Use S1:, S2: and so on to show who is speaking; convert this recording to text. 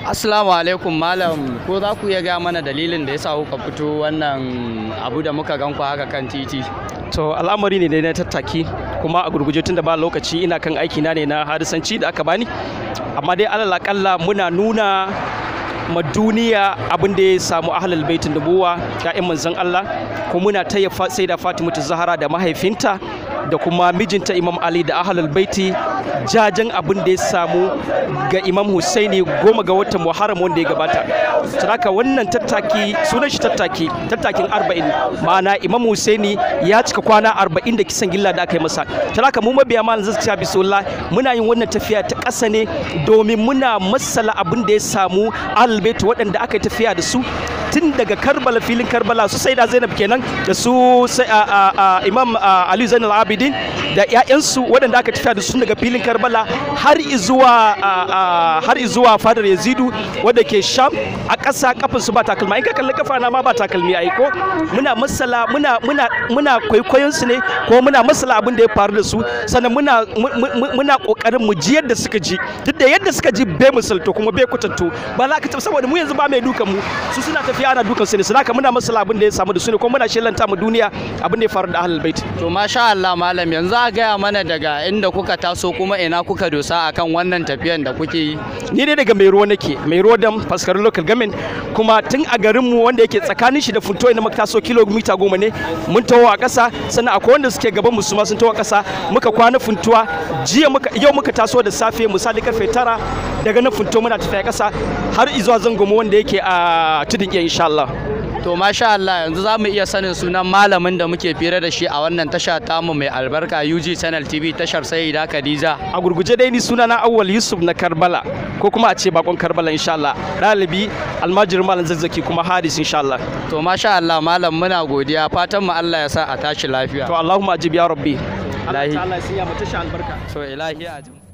S1: Assalamu alaikum malam ko za ku iya gaya mana dalilin da ya sa kuka fito wannan abu da muka gan ku haka kan titi. To al'amari ne dai na tattaki kuma a gurguje tun da ba lokaci ina kan aiki na ne na harisanci da aka bani amma dai alal akalla muna nuna ma duniya abin da ya samu ahlul baitin dubuwa ya'yan manzon Allah kuma muna tayyafa sai da Fatimatu Zahara da mahaifinta da kuma mijinta imam ali da ahalul baiti jajen abin da ya samu ga imam husaini goma ga watan muharram wanda ya gabata haka wannan tattaki sunan shi tattaki tattakin arba'in ma'ana imam husaini ya cika kwana arba'in da kisan gilla da aka yi masa haka mu mabiya malam zasu cewa bisola muna yin wannan tafiya ta ƙasa ne domin muna masala abin da ya samu ahalul baiti waɗanda aka yi tafiya da su tun daga karbala filin karbala su sai da zainab kenan da su imam ali zainal abidin da 'ya'yansu waɗanda aka tafiya da su daga filin karbala har zuwa fadar yazidu wadda ke sham a ƙasa kafin su ba takalma in ka kalli kafa na ma ba takalmi yi ko muna masala muna muna muna kwaikwayon su ne ko muna masala abin da ya faru da su sannan muna muna kokarin mu ji yadda suka ji duk da yadda suka ji bai misalto kuma bai kutanto ba za ka taɓa saboda mu yanzu ba mai dukan mu su suna tafiya. tafiya ana dukan su ne saboda muna masa abin da ya samu da su ne kuma muna shillanta mu duniya abin da ya faru da ahlul bait to masha Allah malam yanzu a gaya mana daga inda kuka taso kuma ina kuka dosa akan wannan tafiyan da kuke yi ni dai daga mai ruwa nake mai dam faskarin local government kuma tun a garin mu wanda yake tsakanin shi da funto ina muka taso kilomita goma ne mun taho a ƙasa sannan akwai wanda suke gaban mu su ma sun taho a ƙasa muka kwana funtuwa jiya muka yau muka taso da safe misali karfe tara daga na funto muna tafiya ƙasa har izuwa zango wanda yake a tudun insha Allah to masha Allah yanzu za mu iya sanin sunan malamin da muke fira da shi a wannan tasha tamu mai albarka UG Channel TV tashar Sayyida Khadija a gurguje dai ni sunana Awwal Yusuf na Karbala ko kuma a ce bakon Karbala insha Allah dalibi almajir malam zazzaki kuma hadis insha Allah to masha Allah malam muna godiya fatan mu Allah ya sa a tashi lafiya to Allahumma ajib ya rabbi Allah ya sa albarka so ilahi ajib